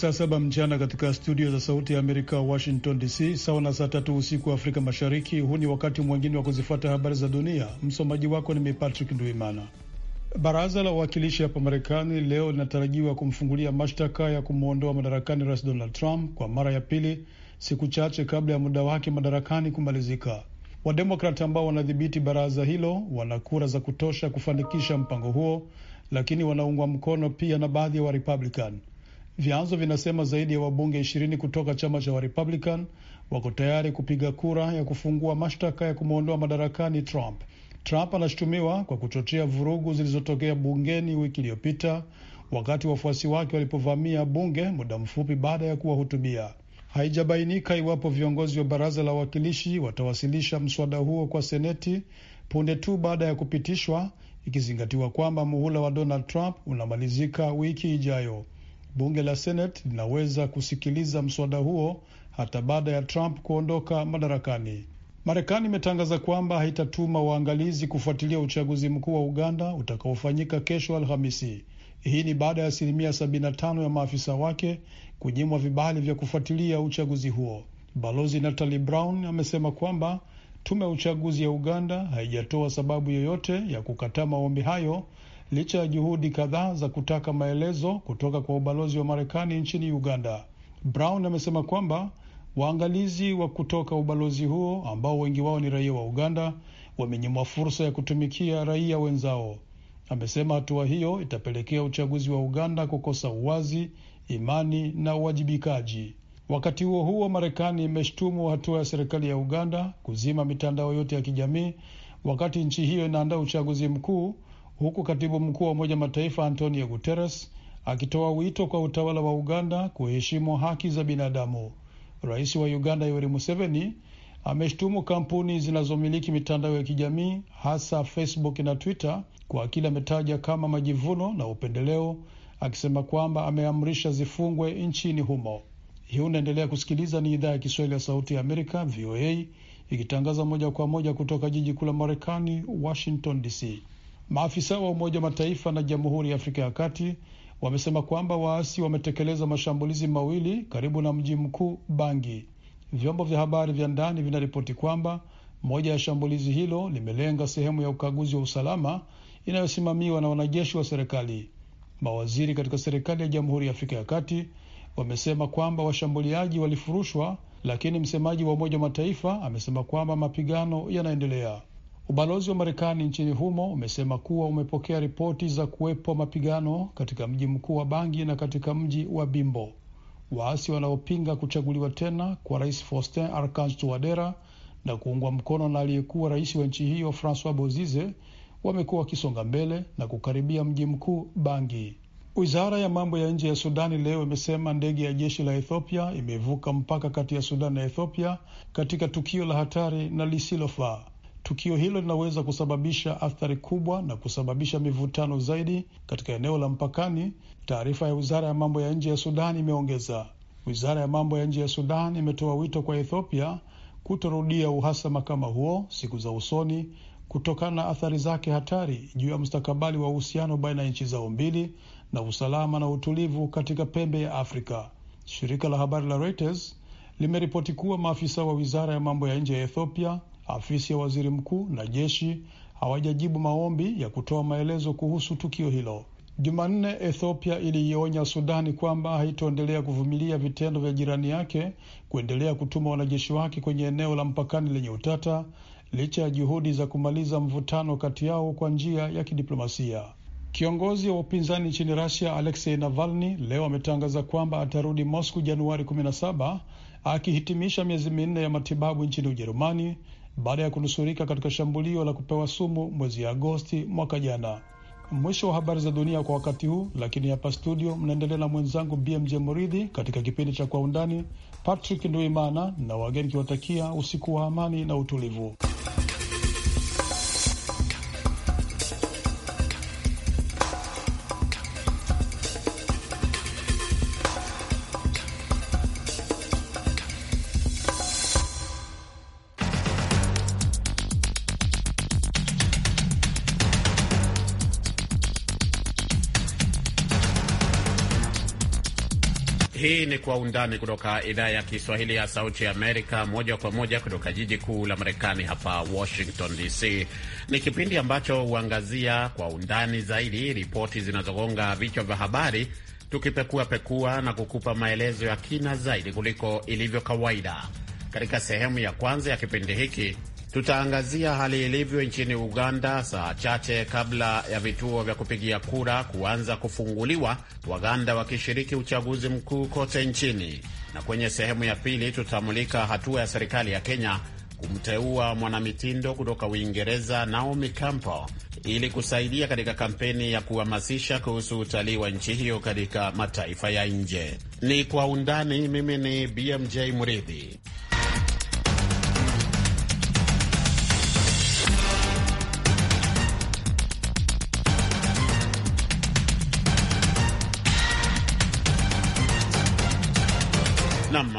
saa saba mchana katika studio za Sauti ya Amerika, Washington DC, sawa na saa tatu usiku wa Afrika Mashariki. Huu ni wakati mwingine wa kuzifuata habari za dunia. Msomaji wako ni mimi Patrick Nduimana. Baraza la Wawakilishi hapa Marekani leo linatarajiwa kumfungulia mashtaka ya kumwondoa madarakani Rais Donald Trump kwa mara ya pili, siku chache kabla ya muda wake madarakani kumalizika. wademokrat ambao wanadhibiti baraza hilo wana kura za kutosha kufanikisha mpango huo, lakini wanaungwa mkono pia na baadhi ya Warepublican. Vyanzo vinasema zaidi ya wabunge ishirini kutoka chama cha Warepublican wako tayari kupiga kura ya kufungua mashtaka ya kumwondoa madarakani Trump. Trump anashutumiwa kwa kuchochea vurugu zilizotokea bungeni wiki iliyopita wakati wafuasi wake walipovamia bunge muda mfupi baada ya kuwahutubia. Haijabainika iwapo viongozi wa baraza la wawakilishi watawasilisha mswada huo kwa Seneti punde tu baada ya kupitishwa, ikizingatiwa kwamba muhula wa Donald Trump unamalizika wiki ijayo bunge la Senate linaweza kusikiliza mswada huo hata baada ya Trump kuondoka madarakani. Marekani imetangaza kwamba haitatuma waangalizi kufuatilia uchaguzi mkuu wa Uganda utakaofanyika kesho Alhamisi. Hii ni baada ya asilimia 75 ya maafisa wake kunyimwa vibali vya kufuatilia uchaguzi huo. Balozi Natalie Brown amesema kwamba tume ya uchaguzi ya Uganda haijatoa sababu yoyote ya kukataa maombi hayo licha ya juhudi kadhaa za kutaka maelezo kutoka kwa ubalozi wa Marekani nchini Uganda. Brown amesema kwamba waangalizi wa kutoka ubalozi huo ambao wengi wao ni raia wa Uganda wamenyimwa fursa ya kutumikia raia wenzao. Amesema hatua hiyo itapelekea uchaguzi wa Uganda kukosa uwazi, imani na uwajibikaji. Wakati huo huo, Marekani imeshtumu hatua ya serikali ya Uganda kuzima mitandao yote ya kijamii wakati nchi hiyo inaandaa uchaguzi mkuu huku katibu mkuu wa Umoja Mataifa Antonio Guterres akitoa wito kwa utawala wa Uganda kuheshimu haki za binadamu. Rais wa Uganda Yoweri Museveni ameshtumu kampuni zinazomiliki mitandao ya kijamii hasa Facebook na Twitter kwa kile ametaja kama majivuno na upendeleo, akisema kwamba ameamrisha zifungwe nchini humo. Hii unaendelea kusikiliza, ni idhaa ya Kiswahili ya Sauti ya Amerika, VOA, ikitangaza moja kwa moja kutoka jiji kuu la Marekani, Washington DC. Maafisa wa Umoja wa Mataifa na Jamhuri ya Afrika ya Kati wamesema kwamba waasi wametekeleza mashambulizi mawili karibu na mji mkuu Bangi. Vyombo vya habari vya ndani vinaripoti kwamba moja ya shambulizi hilo limelenga sehemu ya ukaguzi wa usalama inayosimamiwa na wanajeshi wa serikali. Mawaziri katika serikali ya Jamhuri ya Afrika ya Kati wamesema kwamba washambuliaji walifurushwa, lakini msemaji wa Umoja wa Mataifa amesema kwamba mapigano yanaendelea. Ubalozi wa Marekani nchini humo umesema kuwa umepokea ripoti za kuwepo mapigano katika mji mkuu wa Bangi na katika mji wa Bimbo. Waasi wanaopinga kuchaguliwa tena kwa rais Faustin Archange Touadera na kuungwa mkono na aliyekuwa rais wa nchi hiyo Francois Bozize wamekuwa wakisonga mbele na kukaribia mji mkuu Bangi. Wizara ya mambo ya nje ya Sudani leo imesema ndege ya jeshi la Ethiopia imevuka mpaka kati ya Sudani na Ethiopia katika tukio la hatari na lisilofaa. Tukio hilo linaweza kusababisha athari kubwa na kusababisha mivutano zaidi katika eneo la mpakani, taarifa ya wizara ya mambo ya nje ya Sudan imeongeza. Wizara ya mambo ya nje ya Sudan imetoa wito kwa Ethiopia kutorudia uhasama kama huo siku za usoni kutokana na athari zake hatari juu ya mstakabali wa uhusiano baina ya nchi zao mbili na usalama na utulivu katika pembe ya Afrika. Shirika la habari la Reuters limeripoti kuwa maafisa wa wizara ya mambo ya nje ya Ethiopia Afisi ya waziri mkuu na jeshi hawajajibu maombi ya kutoa maelezo kuhusu tukio hilo. Jumanne, Ethiopia iliionya Sudani kwamba haitoendelea kuvumilia vitendo vya jirani yake kuendelea kutuma wanajeshi wake kwenye eneo la mpakani lenye utata licha ya juhudi za kumaliza mvutano kati yao kwa njia ya kidiplomasia. Kiongozi wa upinzani nchini rasia Alexei Navalny leo ametangaza kwamba atarudi Moscow Januari 17 akihitimisha miezi minne ya matibabu nchini Ujerumani baada ya kunusurika katika shambulio la kupewa sumu mwezi Agosti mwaka jana. Mwisho wa habari za dunia kwa wakati huu, lakini hapa studio mnaendelea na mwenzangu BMJ Muridhi katika kipindi cha Kwa Undani. Patrick Nduimana na wageni kiwatakia usiku wa amani na utulivu. Kwa Undani kutoka idhaa ya Kiswahili ya Sauti ya Amerika, moja kwa moja kutoka jiji kuu la Marekani hapa Washington DC. Ni kipindi ambacho huangazia kwa undani zaidi ripoti zinazogonga vichwa vya habari, tukipekua pekua na kukupa maelezo ya kina zaidi kuliko ilivyo kawaida. Katika sehemu ya kwanza ya kipindi hiki Tutaangazia hali ilivyo nchini Uganda saa chache kabla ya vituo vya kupigia kura kuanza kufunguliwa, Waganda wakishiriki uchaguzi mkuu kote nchini, na kwenye sehemu ya pili tutamulika hatua ya serikali ya Kenya kumteua mwanamitindo kutoka Uingereza Naomi Campbell ili kusaidia katika kampeni ya kuhamasisha kuhusu utalii wa nchi hiyo katika mataifa ya nje. Ni kwa undani. Mimi ni BMJ Mridhi.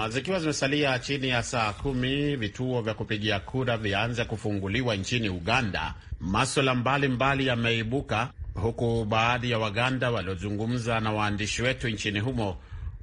Zikiwa zimesalia chini ya saa kumi vituo vya kupigia kura vianze kufunguliwa nchini Uganda, maswala mbalimbali yameibuka huku baadhi ya Waganda waliozungumza na waandishi wetu nchini humo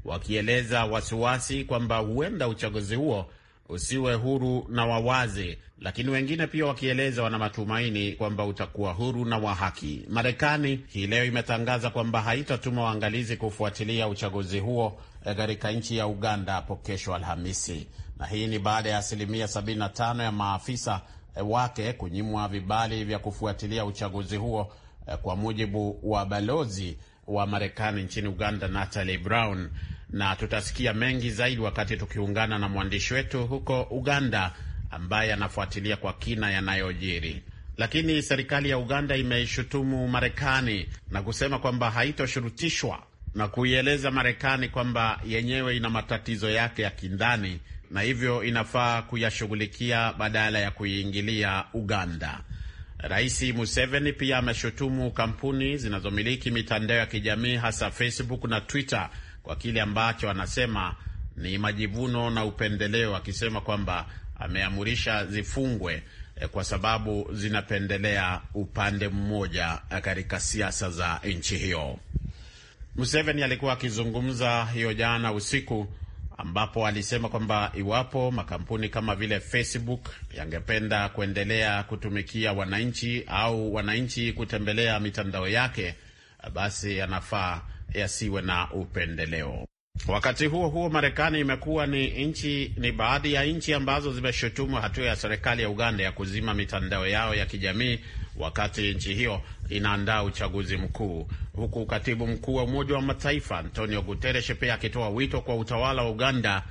wakieleza wasiwasi kwamba huenda uchaguzi huo usiwe huru na wawazi, lakini wengine pia wakieleza wana matumaini kwamba utakuwa huru na wa haki. Marekani hii leo imetangaza kwamba haitatuma waangalizi kufuatilia uchaguzi huo eh, katika nchi ya Uganda hapo kesho Alhamisi, na hii ni baada ya asilimia 75 ya maafisa eh, wake kunyimwa vibali vya kufuatilia uchaguzi huo, eh, kwa mujibu wa balozi wa Marekani nchini Uganda Natalie Brown na tutasikia mengi zaidi wakati tukiungana na mwandishi wetu huko Uganda ambaye anafuatilia kwa kina yanayojiri. Lakini serikali ya Uganda imeishutumu Marekani na kusema kwamba haitoshurutishwa na kuieleza Marekani kwamba yenyewe ina matatizo yake ya kindani na hivyo inafaa kuyashughulikia badala ya kuiingilia Uganda. Rais Museveni pia ameshutumu kampuni zinazomiliki mitandao ya kijamii hasa Facebook na Twitter kwa kile ambacho anasema ni majivuno na upendeleo, akisema kwamba ameamurisha zifungwe eh, kwa sababu zinapendelea upande mmoja eh, katika siasa za nchi hiyo. Museveni alikuwa akizungumza hiyo jana usiku, ambapo alisema kwamba iwapo makampuni kama vile Facebook yangependa kuendelea kutumikia wananchi au wananchi kutembelea mitandao yake, basi yanafaa yasiwe na upendeleo. Wakati huo huo, Marekani imekuwa ni nchi ni baadhi ya nchi ambazo zimeshutumu hatua ya serikali ya Uganda ya kuzima mitandao yao ya kijamii wakati nchi hiyo inaandaa uchaguzi mkuu, huku katibu mkuu wa Umoja wa Mataifa Antonio Guterres pia akitoa wito kwa utawala wa Uganda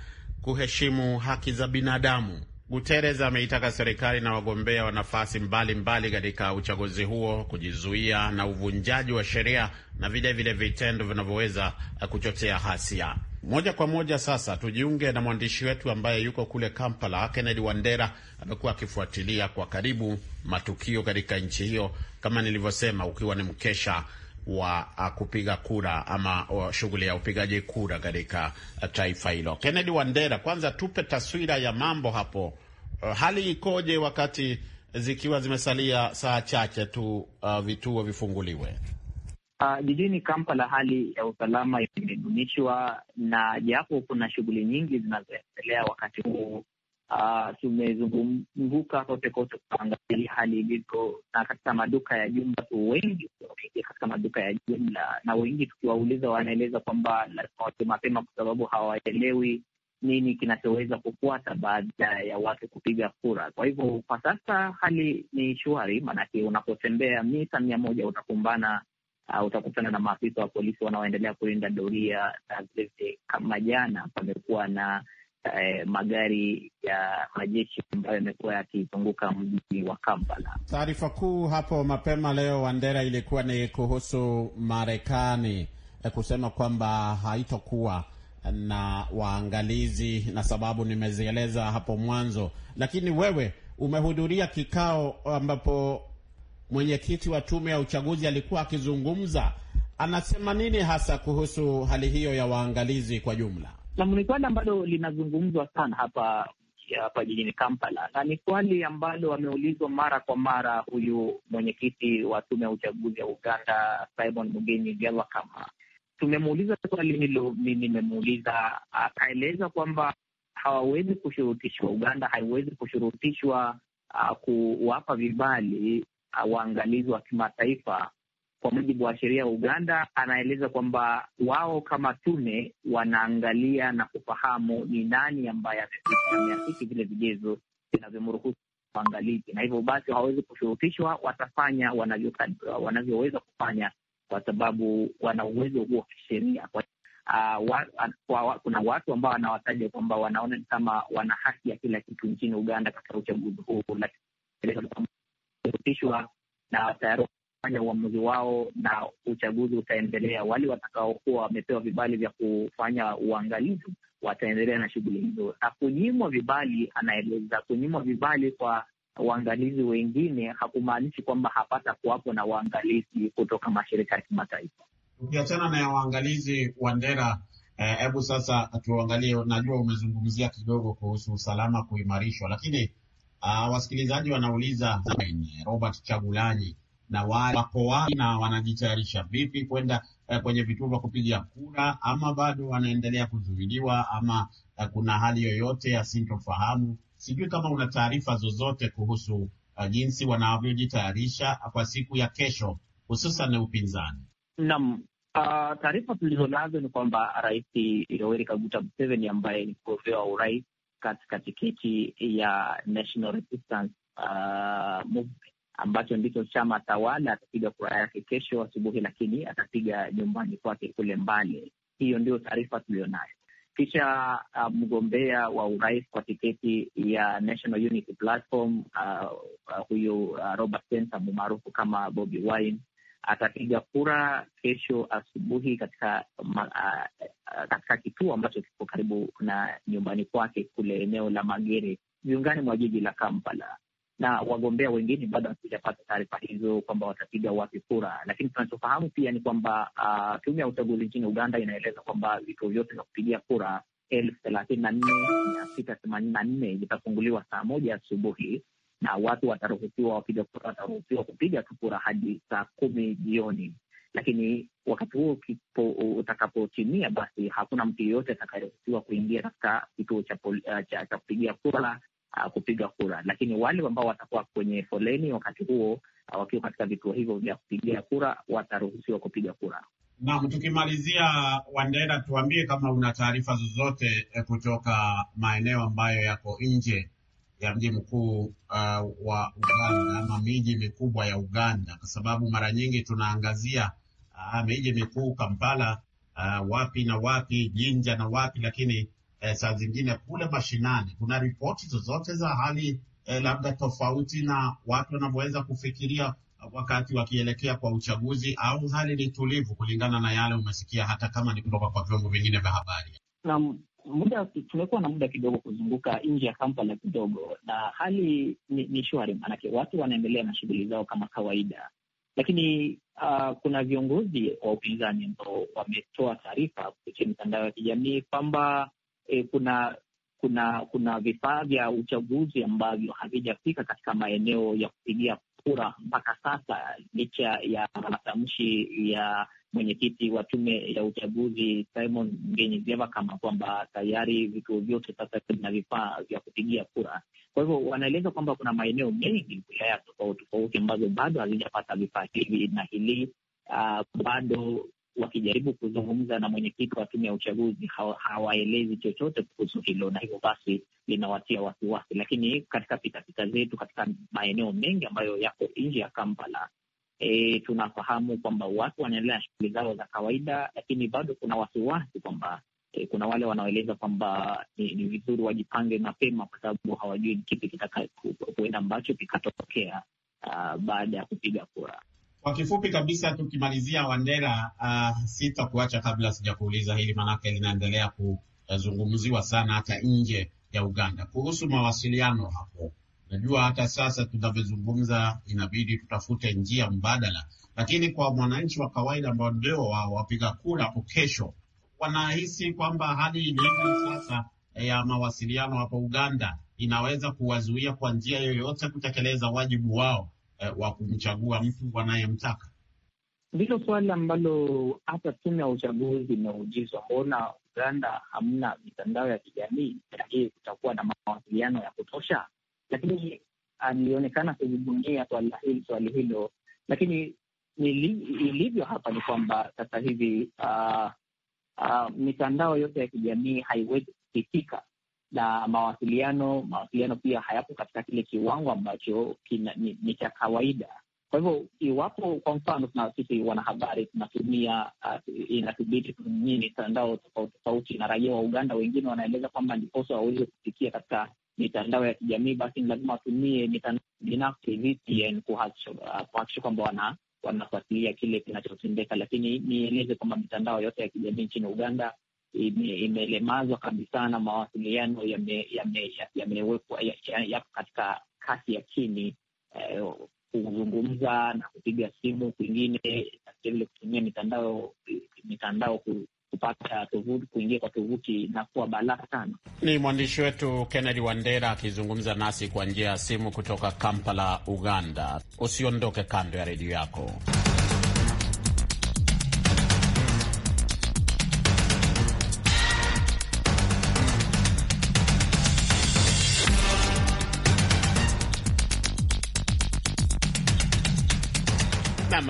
kuheshimu haki za binadamu. Guterres ameitaka serikali na wagombea wa nafasi mbalimbali katika uchaguzi huo kujizuia na uvunjaji wa sheria na vilevile vitendo vinavyoweza kuchochea hasia. Moja kwa moja sasa tujiunge na mwandishi wetu ambaye yuko kule Kampala. Kennedy Wandera amekuwa akifuatilia kwa karibu matukio katika nchi hiyo, kama nilivyosema, ukiwa ni mkesha wa kupiga kura ama shughuli ya upigaji kura katika taifa hilo. Kennedy Wandera, kwanza tupe taswira ya mambo hapo Eh, hali ikoje wakati zikiwa zimesalia saa chache tu uh, vituo vifunguliwe? Uh, jijini Kampala hali ya usalama imedumishwa, na japo kuna shughuli nyingi zinazoendelea wakati huu uh, ah, tumezunguka kote kote kuangalia hali ilivyo, na katika maduka ya jumla tu wengi tunaingia katika maduka ya jumla, na wengi tukiwauliza wanaeleza kwamba lazima watu mapema, kwa sababu hawaelewi nini kinachoweza kufuata baada ya watu kupiga kura. Kwa hivyo kwa sasa hali ni shwari, maanake unapotembea mita mia moja utakumbana uh, utakutana na maafisa wa polisi wanaoendelea kulinda doria. na Kama jana pamekuwa na Eh, magari ya majeshi ambayo yamekuwa yakizunguka mji wa Kampala. Taarifa kuu hapo mapema leo, Wandera, ilikuwa ni kuhusu Marekani eh, kusema kwamba haitokuwa na waangalizi, na sababu nimezieleza hapo mwanzo. Lakini wewe umehudhuria kikao ambapo mwenyekiti wa tume ya uchaguzi alikuwa akizungumza, anasema nini hasa kuhusu hali hiyo ya waangalizi kwa jumla? Naam, ni swali ambalo linazungumzwa sana hapa hapa jijini Kampala, na ni swali ambalo ameulizwa mara kwa mara huyu mwenyekiti wa tume ya uchaguzi ya Uganda, Simon Mugeni Byabakama, Tumemuuliza swali hilo, mimi nimemuuliza, akaeleza uh, kwamba hawawezi kushurutishwa, Uganda haiwezi kushurutishwa uh, kuwapa vibali uh, waangalizi wa kimataifa kwa mujibu wa sheria ya Uganda. Anaeleza kwamba wao kama tume wanaangalia na kufahamu ni nani ambaye ameafiki vile vigezo vinavyomruhusu waangalizi, na hivyo basi hawawezi kushurutishwa, watafanya wanavyoweza kufanya kwa sababu wana uwezo huo wa kisheria. Uh, wa, wa, kuna watu ambao wanawataja kwamba wanaona kama wana haki ya kila kitu nchini Uganda katika uchaguzi huu, lakiniishwa na tayari fanya uamuzi wao na uchaguzi utaendelea. Wale watakaokuwa wamepewa vibali vya kufanya uangalizi wataendelea na shughuli hizo, na kunyimwa vibali, anaeleza kunyimwa vibali kwa waangalizi wengine, hakumaanishi kwamba hapata kuwapo na waangalizi kutoka mashirika ya kimataifa. Ukiachana na waangalizi wa ndera eh, hebu eh, sasa tuangalie. Najua umezungumzia kidogo kuhusu usalama kuimarishwa, lakini uh, wasikilizaji wanauliza Robert Chagulanyi na wale wako wapi na wanajitayarisha vipi kwenda eh, kwenye vituo vya kupiga kura, ama bado wanaendelea kuzuiliwa, ama eh, kuna hali yoyote ya sintofahamu sijui kama una taarifa zozote kuhusu uh, jinsi wanavyojitayarisha kwa siku ya kesho hususan upinzani? Naam. Uh, taarifa tulizo nazo ni kwamba Rais Yoweri Kaguta Museveni ambaye ni mgombea urais katika tikiti ya National Resistance uh, Movement ambacho ndicho chama tawala, atapiga kura yake kesho asubuhi, lakini atapiga nyumbani kwake kule mbali Hiyo ndio taarifa tuliyo nayo. Kisha uh, mgombea wa urais kwa tiketi ya National Unity Platform uh, uh, huyu uh, Robert Sentamu maarufu kama Bobi Wine atapiga kura kesho asubuhi katika ma, uh, uh, katika kituo ambacho kiko karibu na nyumbani kwake kule eneo la Magere viungani mwa jiji la Kampala na wagombea wengine bado hatujapata taarifa hizo kwamba watapiga wapi kura, lakini tunachofahamu pia ni kwamba uh, tume ya uchaguzi nchini Uganda inaeleza kwamba vituo vyote vya kupigia kura elfu thelathini na nne mia sita themanini na nne vitafunguliwa saa moja asubuhi na watu wataruhusiwa, wapiga kura wataruhusiwa kupiga tu kura hadi saa kumi jioni, lakini wakati huo utakapotimia, basi hakuna mtu yeyote atakayeruhusiwa kuingia katika kituo cha, uh, cha, cha kupigia kura uh, kupiga kura, lakini wale ambao watakuwa kwenye foleni wakati huo uh, wakiwa katika vituo hivyo vya kupigia kura wataruhusiwa kupiga kura. Naam, tukimalizia, Wandera, tuambie kama una taarifa zozote eh, kutoka maeneo ambayo yako nje ya mji mkuu uh, wa Uganda ama miji mikubwa ya Uganda, kwa sababu mara nyingi tunaangazia uh, miji mikuu Kampala, uh, wapi na wapi, Jinja na wapi, lakini eh, saa zingine kule mashinani kuna ripoti zozote za hali eh, labda tofauti na watu wanavyoweza kufikiria wakati wakielekea kwa uchaguzi, au hali ni tulivu kulingana na yale umesikia, hata kama ni kutoka kwa vyombo vingine vya habari? Naam, muda tumekuwa na muda kidogo kuzunguka nje ya Kampala kidogo, na hali ni, ni shwari, maanake watu wanaendelea na shughuli zao kama kawaida, lakini uh, kuna viongozi wa upinzani ambao wametoa taarifa kupitia mitandao ya kijamii kwamba e, kuna kuna kuna vifaa vya uchaguzi ambavyo havijafika katika maeneo ya kupigia kura mpaka sasa, licha ya matamshi ya mwenyekiti wa tume ya uchaguzi Simon Ngenyiziava kama kwamba tayari vituo vyote sasa vina vifaa vya kupigia kura. Kwa hivyo wanaeleza kwamba kuna maeneo mengi, wilaya tofauti tofauti ambazo bado hazijapata vifaa hivi na hili uh, bado wakijaribu kuzungumza na mwenyekiti wa tume ya uchaguzi hawaelezi chochote kuhusu hilo, na hivyo basi linawatia wasiwasi. Lakini katika pitapita zetu katika maeneo mengi ambayo yako nje ya Kampala, e, tunafahamu kwamba watu wanaendelea na shughuli zao za kawaida, lakini bado kuna wasiwasi kwamba e, kuna wale wanaoeleza kwamba ni, ni vizuri wajipange mapema kwa sababu hawajui ni kipi kitaka ambacho kikatokea baada ya kupiga kura. Kwa kifupi kabisa tukimalizia, Wandera, uh, sitakuacha kabla sijakuuliza hili manake linaendelea kuzungumziwa sana hata nje ya Uganda kuhusu mawasiliano hapo. Najua hata sasa tunavyozungumza, inabidi tutafute njia mbadala, lakini kwa mwananchi wa kawaida ambao ndio wapiga kura hapo kesho, wanahisi kwamba hali ilivyo sasa eh, ya mawasiliano hapo Uganda inaweza kuwazuia kwa njia yoyote kutekeleza wajibu wao eh, wa kumchagua mtu wanayemtaka. Ndilo suala ambalo hata tume ya uchaguzi imeujizwa mbona Uganda hamna mitandao ya kijamii? Je, kutakuwa na mawasiliano ya kutosha? Lakini alionekana ah, kujibunia swali hilo, lakini ilivyo hapa ni kwamba sasa hivi uh, uh, mitandao yote ya kijamii haiwezi kufikika na mawasiliano mawasiliano pia hayapo katika kile kiwango ambacho ni cha kawaida. Kwa hivyo iwapo kwa mfano sisi wanahabari tunatumia uh, inathibiti tutumie mitandao tofauti tofauti, na raia wa Uganda wengine wanaeleza kwamba ndiposa waweze kufikia katika mitandao ya kijamii, basi ni lazima watumie mitandao binafsi VPN uh, kuhakikisha kwamba wana wanafuatilia kile kinachotendeka. Lakini nieleze kwamba mitandao yote ya kijamii nchini Uganda imelemazwa kabisa na mawasiliano yamewekwa yapo katika kasi ya chini eh, kuzungumza na kupiga simu kwingine na vilevile kutumia mitandao mitandao kupata tovuti kuingia kwa tovuti na kuwa balaa sana. Ni mwandishi wetu Kennedy Wandera akizungumza nasi kwa njia ya simu kutoka Kampala, Uganda. Usiondoke kando ya redio yako.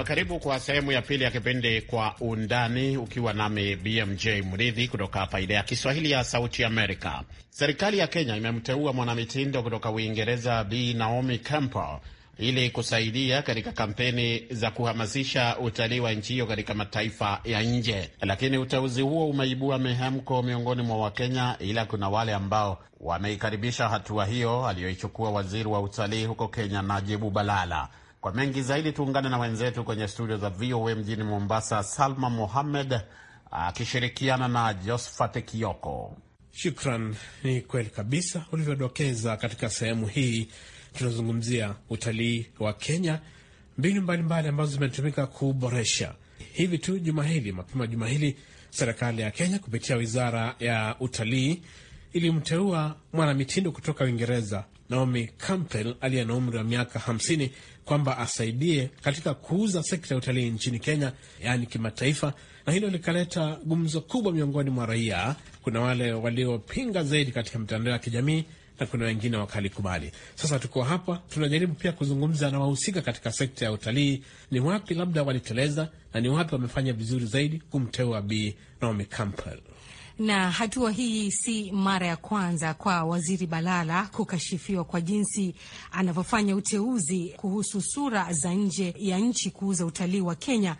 Karibu kwa sehemu ya pili ya kipindi Kwa Undani, ukiwa nami BMJ Mridhi kutoka hapa idhaa ya Kiswahili ya Sauti Amerika. Serikali ya Kenya imemteua mwanamitindo kutoka Uingereza b Naomi Campbell ili kusaidia katika kampeni za kuhamasisha utalii wa nchi hiyo katika mataifa ya nje. Lakini uteuzi huo umeibua mihemko miongoni mwa Wakenya, ila kuna wale ambao wameikaribisha hatua hiyo aliyoichukua waziri wa utalii huko Kenya, Najibu Balala. Kwa mengi zaidi tuungane na wenzetu kwenye studio za VOA mjini Mombasa, Salma Mohamed akishirikiana na Josphat Kioko. Shukran. Ni kweli kabisa ulivyodokeza. Katika sehemu hii tunazungumzia utalii wa Kenya, mbinu mbalimbali ambazo zimetumika kuboresha. Hivi tu juma hili, mapema juma hili, serikali ya Kenya kupitia wizara ya utalii ilimteua mwanamitindo kutoka Uingereza Naomi Campbell aliye na umri wa miaka hamsini kwamba asaidie katika kuuza sekta ya utalii nchini Kenya, yaani kimataifa, na hilo likaleta gumzo kubwa miongoni mwa raia. Kuna wale waliopinga zaidi katika mitandao ya kijamii na kuna wengine wakalikubali. Sasa tuko hapa tunajaribu pia kuzungumza na wahusika katika sekta ya utalii, ni wapi labda waliteleza na ni wapi wamefanya vizuri zaidi kumteua Bi Naomi Campbell. Na hatua hii si mara ya kwanza kwa Waziri Balala kukashifiwa kwa jinsi anavyofanya uteuzi kuhusu sura za nje ya nchi kuuza utalii wa Kenya.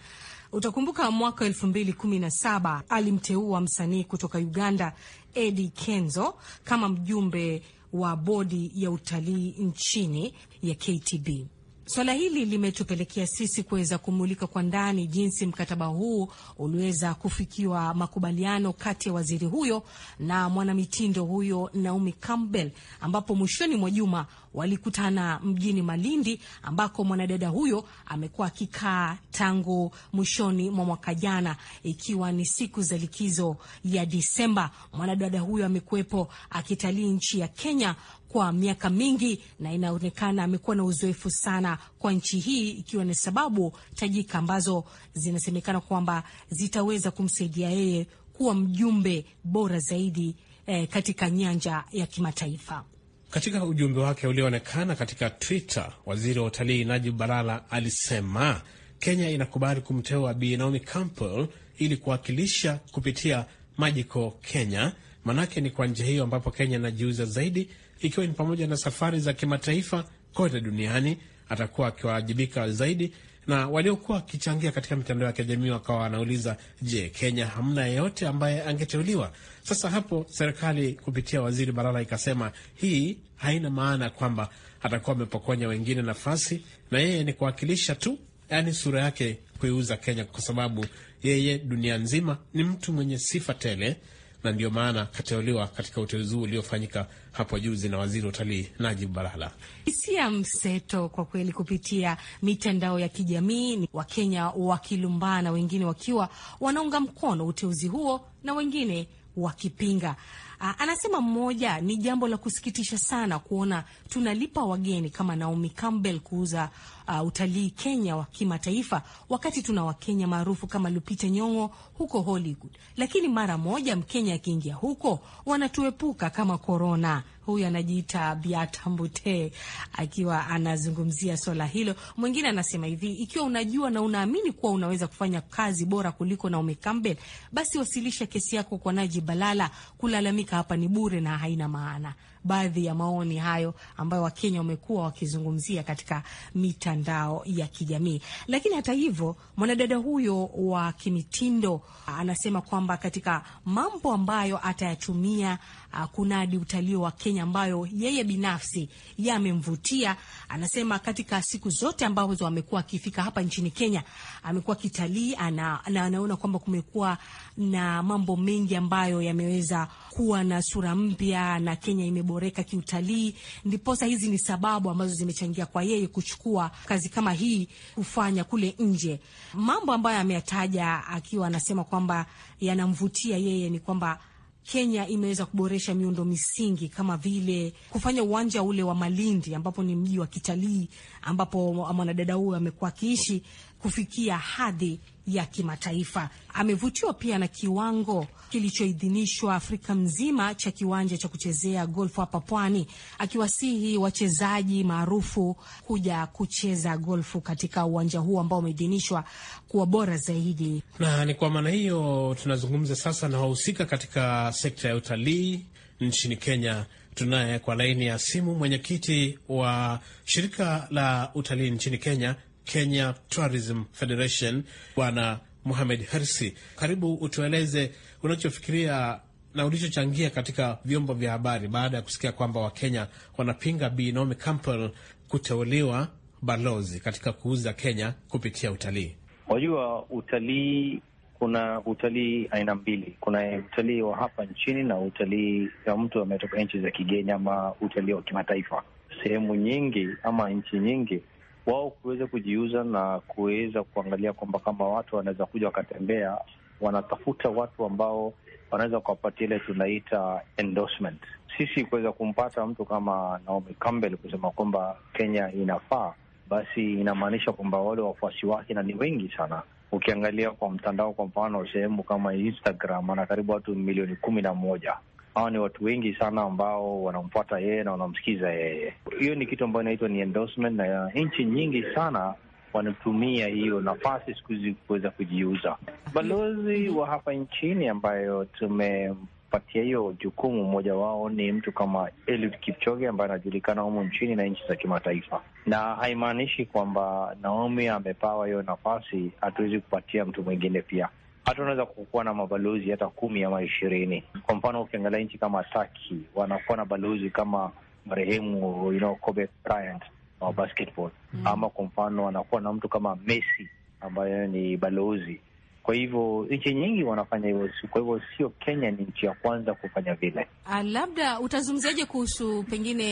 Utakumbuka mwaka elfu mbili kumi na saba alimteua msanii kutoka Uganda Eddie Kenzo kama mjumbe wa bodi ya utalii nchini ya KTB. Swala hili limetupelekea sisi kuweza kumulika kwa ndani jinsi mkataba huu uliweza kufikiwa makubaliano kati ya waziri huyo na mwanamitindo huyo Naomi Campbell, ambapo mwishoni mwa juma walikutana mjini Malindi ambako mwanadada huyo amekuwa akikaa tangu mwishoni mwa mwaka jana, ikiwa ni siku za likizo ya Disemba. Mwanadada huyo amekuwepo akitalii nchi ya Kenya kwa miaka mingi na inaonekana amekuwa na uzoefu sana kwa nchi hii, ikiwa ni sababu tajika ambazo zinasemekana kwamba zitaweza kumsaidia yeye kuwa mjumbe bora zaidi eh, katika nyanja ya kimataifa. Katika ujumbe wake ulioonekana katika Twitter, waziri wa utalii Najib Balala alisema Kenya inakubali kumteua Bi Naomi Campbell ili kuwakilisha kupitia Magical Kenya. Manake ni kwa njia hiyo ambapo Kenya inajiuza zaidi, ikiwa ni pamoja na safari za kimataifa kote duniani. Atakuwa akiwajibika zaidi na waliokuwa wakichangia katika mitandao ya kijamii wakawa wanauliza, je, Kenya hamna yeyote ambaye angeteuliwa? Sasa hapo serikali kupitia waziri Barala ikasema hii haina maana kwamba atakuwa amepokonya wengine nafasi, na yeye ni kuwakilisha tu, yaani sura yake kuiuza Kenya, kwa sababu yeye dunia nzima ni mtu mwenye sifa tele na ndio maana kateuliwa katika uteuzi huu uliofanyika hapo juzi na waziri wa utalii Najib Balala. Hisia mseto kwa kweli kupitia mitandao ya kijamii, Wakenya wakilumbana, wengine wakiwa wanaunga mkono uteuzi huo na wengine wakipinga. Aa, ah, anasema mmoja, ni jambo la kusikitisha sana kuona tunalipa wageni kama Naomi Campbell kuuza uh, utalii Kenya wa kimataifa, wakati tuna Wakenya maarufu kama Lupita Nyong'o huko Hollywood, lakini mara moja Mkenya akiingia huko wanatuepuka kama korona. Huyu anajiita Biata Mbute akiwa anazungumzia swala hilo. Mwingine anasema hivi, ikiwa unajua na unaamini kuwa unaweza kufanya kazi bora kuliko Naomi Campbell, basi wasilisha kesi yako kwa Najib Balala kulalamika kutumika hapa ni bure na haina maana. Baadhi ya maoni hayo ambayo Wakenya wamekuwa wakizungumzia katika mitandao ya kijamii. Lakini hata hivyo, mwanadada huyo wa kimitindo anasema kwamba katika mambo ambayo atayatumia uh, ah, kunadi utalii wa Kenya ambayo yeye binafsi amemvutia. Anasema katika siku zote ambazo amekuwa akifika hapa nchini Kenya amekuwa kitalii ana, na anaona kwamba kumekuwa na mambo mengi ambayo yameweza kuwa na sura mpya na Kenya imeboreka kiutalii. Ndiposa hizi ni sababu ambazo zimechangia kwa yeye kuchukua kazi kama hii kufanya kule nje. Mambo ambayo ameyataja akiwa anasema kwamba yanamvutia yeye ni kwamba Kenya imeweza kuboresha miundo misingi kama vile kufanya uwanja ule wa Malindi ambapo ni mji wa kitalii ambapo mwanadada huyu amekuwa akiishi kufikia hadhi ya kimataifa. Amevutiwa pia na kiwango kilichoidhinishwa Afrika mzima cha kiwanja cha kuchezea golfu hapa pwani, akiwasihi wachezaji maarufu kuja kucheza golfu katika uwanja huu ambao umeidhinishwa kuwa bora zaidi. Na ni kwa maana hiyo tunazungumza sasa na wahusika katika sekta ya utalii nchini Kenya. Tunaye kwa laini ya simu mwenyekiti wa shirika la utalii nchini Kenya Kenya Tourism Federation, Bwana muhamed Hersi, karibu utueleze unachofikiria na ulichochangia katika vyombo vya habari baada ya kusikia kwamba Wakenya wanapinga Bi Naomi Campbell kuteuliwa balozi katika kuuza Kenya kupitia utalii. Wajua, utalii kuna utalii aina mbili. Kuna utalii wa hapa nchini na utalii wa mtu ametoka nchi za kigeni ama utalii wa kimataifa. Sehemu nyingi ama nchi nyingi wao kuweza kujiuza na kuweza kuangalia kwamba kama watu wanaweza kuja wakatembea, wanatafuta watu ambao wanaweza kuwapatia ile tunaita endorsement. Sisi kuweza kumpata mtu kama Naomi Campbell kusema kwamba Kenya inafaa, basi inamaanisha kwamba wale wafuasi wake na ni wengi sana. Ukiangalia kwa mtandao, kwa mfano sehemu kama Instagram ana karibu watu milioni kumi na moja hawa ni watu wengi sana ambao wanamfuata yeye na wanamsikiza yeye. Hiyo ni kitu ambayo inaitwa ni endorsement, na uh, nchi nyingi sana wanatumia hiyo nafasi siku hizi kuweza kujiuza. Balozi wa hapa nchini ambayo tumempatia hiyo jukumu, mmoja wao ni mtu kama Eliud Kipchoge ambaye anajulikana humu nchini na nchi za kimataifa, na haimaanishi kwamba Naomi amepawa hiyo nafasi, hatuwezi kupatia mtu mwingine pia hata unaweza kukuwa na mabalozi hata kumi ama ishirini. Kwa mfano ukiangalia nchi kama Turkey wanakuwa na balozi kama marehemu you know, Kobe Bryant wa basketball mm. ama kwa mfano wanakuwa na mtu kama Messi ambaye ni balozi kwa hivyo nchi nyingi wanafanya hivyo, kwa hivyo sio Kenya ni nchi ya kwanza kufanya vile. A, ah, labda utazungumziaje kuhusu pengine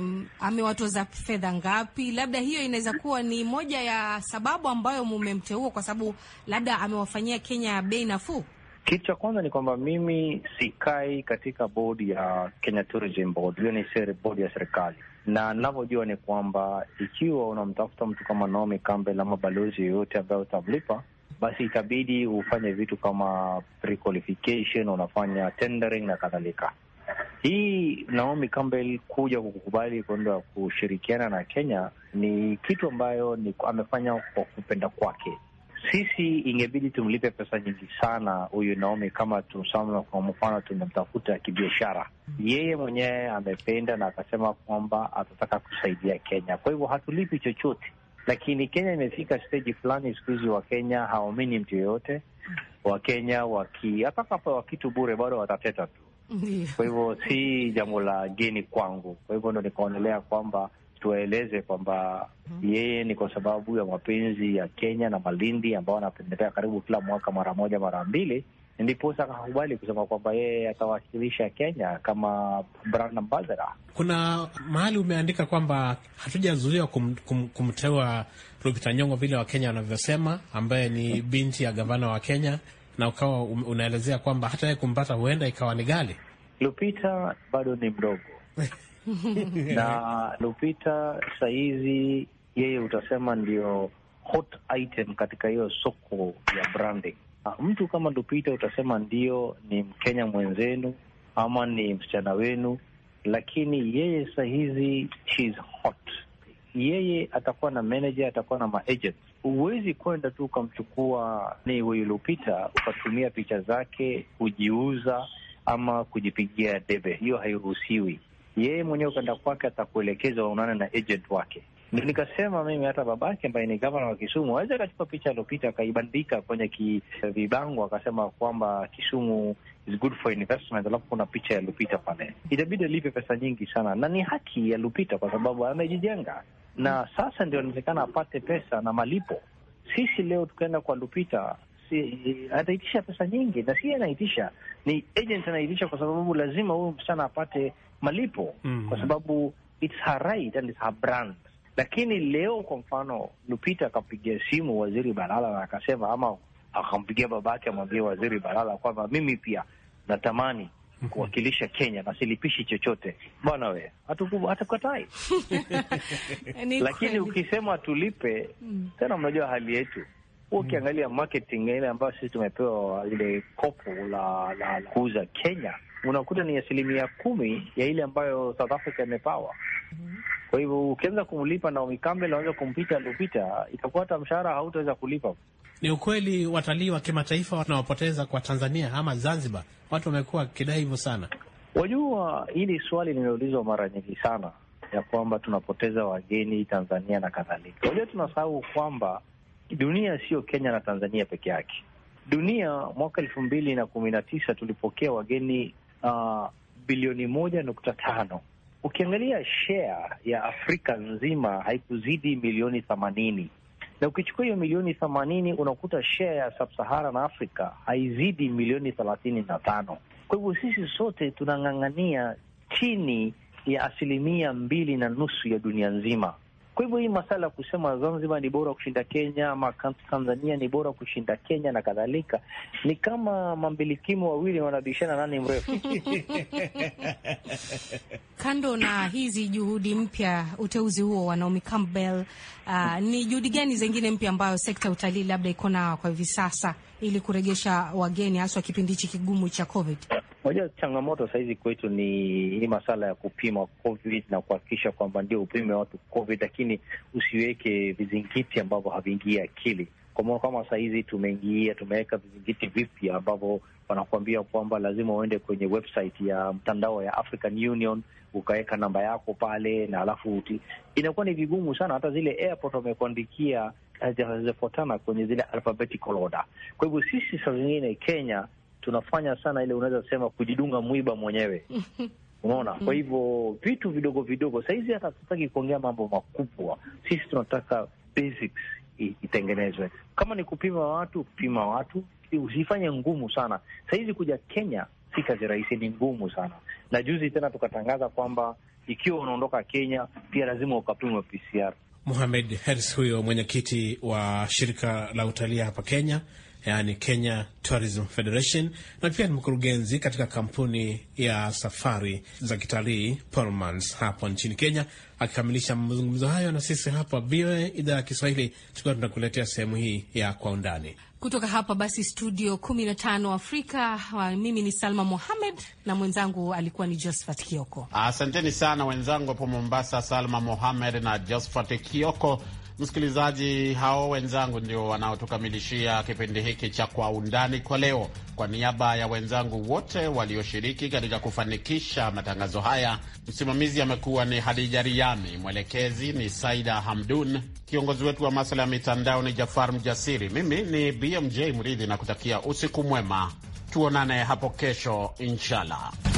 mm, amewatoza fedha ngapi? Labda hiyo inaweza kuwa ni moja ya sababu ambayo mumemteua, kwa sababu labda amewafanyia Kenya bei nafuu. Kitu cha kwanza ni kwamba mimi sikai katika bodi ya Kenya Tourism Board, hiyo ni bodi ya serikali, na ninavyojua ni kwamba ikiwa unamtafuta mtu kama Naomi Campbell ama balozi yoyote ambayo utamlipa basi itabidi ufanye vitu kama prequalification, unafanya tendering na kadhalika. Hii Naomi Campbell kuja kukubali kwenda kushirikiana na Kenya ni kitu ambayo ni amefanya kwa kupenda kwake. Sisi ingebidi tumlipe pesa nyingi sana huyu Naomi, kama tusama kwa mfano tumemtafuta kibiashara, yeye mwenyewe amependa na akasema kwamba atataka kusaidia Kenya, kwa hivyo hatulipi chochote. Lakini Kenya imefika steji fulani, siku hizi Wakenya hawaamini mtu yoyote. Wakenya waki hata hapa wakitu bure bado watateta tu. Kwa hivyo si jambo la geni kwangu, kwa hivyo ndo nikaonelea kwamba tuwaeleze kwamba mm-hmm. yeye ni kwa sababu ya mapenzi ya Kenya na Malindi ambao wanapendelea karibu kila mwaka mara moja mara mbili, ndiposa akakubali kusema kwamba yeye atawakilisha Kenya kama brand ambassador. Kuna mahali umeandika kwamba hatujazuia kum, kum, kumteua Lupita Nyong'o vile Wakenya wanavyosema, ambaye ni binti ya gavana wa Kenya, na ukawa unaelezea kwamba hata yeye kumpata huenda ikawa ni gali Lupita bado ni mdogo na Lupita sahizi yeye utasema ndio hot item katika hiyo soko ya branding Ah, mtu kama Lupita utasema ndio, ni Mkenya mwenzenu ama ni msichana wenu, lakini yeye hizi she's hot. Yeye atakuwa na manager, atakuwa na maagent. Huwezi kwenda tu ukamchukua ni huyu Lupita ukatumia picha zake kujiuza ama kujipigia debe, hiyo hairuhusiwi. Yeye mwenyewe ukaenda kwake, atakuelekeza waonane na agent wake. Ndio nikasema mimi hata babake ambaye ni gavana wa Kisumu aweze akachukua picha aliopita akaibandika kwenye kivibango eh, akasema kwamba Kisumu is good for investment, alafu kuna picha ya Lupita pale. Itabidi alipe pesa nyingi sana, na ni haki ya Lupita kwa sababu amejijenga, na sasa ndio inawezekana apate pesa na malipo. Sisi leo tukaenda kwa Lupita si, ataitisha pesa nyingi, na si anaitisha, ni agent anaitisha, kwa sababu lazima huyu msichana apate malipo, mm -hmm. kwa sababu it's her right and it's her brand. Lakini leo kwa mfano, Lupita akampigia simu waziri Balala na akasema, ama akampigia babake amwambie waziri Balala kwamba mimi pia natamani mhm. kuwakilisha Kenya na silipishi chochote bwana, we hatukatai. Lakini ukisema tulipe mm. tena, mnajua hali yetu hu mm. ukiangalia marketing ile ambayo sisi tumepewa ile kopo la, la, la kuuza Kenya unakuta ni asilimia kumi ya ile ambayo South Africa imepawa. Mm. Kwa hivyo ukianza kumlipa Naomi Campbell unaweza kumpita aliopita, itakuwa hata mshahara hautaweza kulipa. Ni ukweli watalii wa kimataifa wanaopoteza kwa Tanzania ama Zanzibar, watu wamekuwa kidai hivyo sana. Wajua, hili swali limeulizwa mara nyingi sana, ya kwamba tunapoteza wageni Tanzania na kadhalika. Wajua, tunasahau kwamba dunia sio Kenya na Tanzania peke yake. Dunia mwaka elfu mbili na kumi na tisa tulipokea wageni uh, bilioni moja nukta tano ukiangalia share ya Afrika nzima haikuzidi milioni themanini na ukichukua hiyo milioni themanini unakuta share ya sabsahara na Afrika haizidi milioni thelathini na tano. Kwa hivyo sisi sote tunang'ang'ania chini ya asilimia mbili na nusu ya dunia nzima. Kwa hivyo hii masala ya kusema Zanzibar ni bora kushinda Kenya ama Tanzania ni bora kushinda Kenya na kadhalika, ni kama mambilikimu wawili wanabishana nani mrefu. Kando na hizi juhudi mpya, uteuzi huo wa Naomi Campbell, uh, ni juhudi gani zingine mpya ambayo sekta ya utalii labda iko nayo kwa hivi sasa ili kurejesha wageni haswa kipindi hichi kigumu cha COVID? Unajua, changamoto sahizi kwetu ni hii masala ya kupima COVID na kuhakikisha kwamba ndio upime watu COVID, lakini usiweke vizingiti ambavyo haviingii akili. Kwa mfano kama sahizi tumeingia, tumeweka vizingiti vipya ambavyo wanakuambia kwamba lazima uende kwenye website ya mtandao ya African Union ukaweka namba yako pale, na alafu inakuwa ni vigumu sana. Hata zile airport wamekuandikia hazijafuatana kwenye zile alphabetical order. Kwa hivyo sisi saa zingine Kenya tunafanya sana ile unaweza sema kujidunga mwiba mwenyewe unaona. Kwa mm. hivyo vitu vidogo vidogo, sahizi hata tutaki kuongea mambo makubwa, sisi tunataka basics itengenezwe. Kama ni kupima watu, pima watu, usifanye ngumu sana. Sahizi kuja Kenya si kazi rahisi, ni ngumu sana. Na juzi tena tukatangaza kwamba ikiwa unaondoka Kenya pia lazima ukapimwa PCR. muhamed Hers huyo mwenyekiti wa shirika la utalii hapa Kenya yani Kenya Tourism Federation, na pia ni mkurugenzi katika kampuni ya safari za kitalii Pullmans hapo nchini Kenya, akikamilisha mazungumzo hayo na sisi hapa VOA idhaa ya Kiswahili, tukiwa tunakuletea sehemu hii ya kwa undani kutoka hapa basi studio 15 Afrika. Mimi ni Salma Mohamed na mwenzangu alikuwa ni Josphat Kioko. Asanteni sana wenzangu hapo Mombasa, Salma Mohamed na Josphat Kioko. Msikilizaji, hao wenzangu ndio wanaotukamilishia kipindi hiki cha Kwa Undani kwa leo. Kwa niaba ya wenzangu wote walioshiriki katika kufanikisha matangazo haya, msimamizi amekuwa ni Hadija Riami, mwelekezi ni Saida Hamdun, kiongozi wetu wa masuala ya mitandao ni Jafar Mjasiri. Mimi ni BMJ Mridhi na kutakia usiku mwema, tuonane hapo kesho inshallah.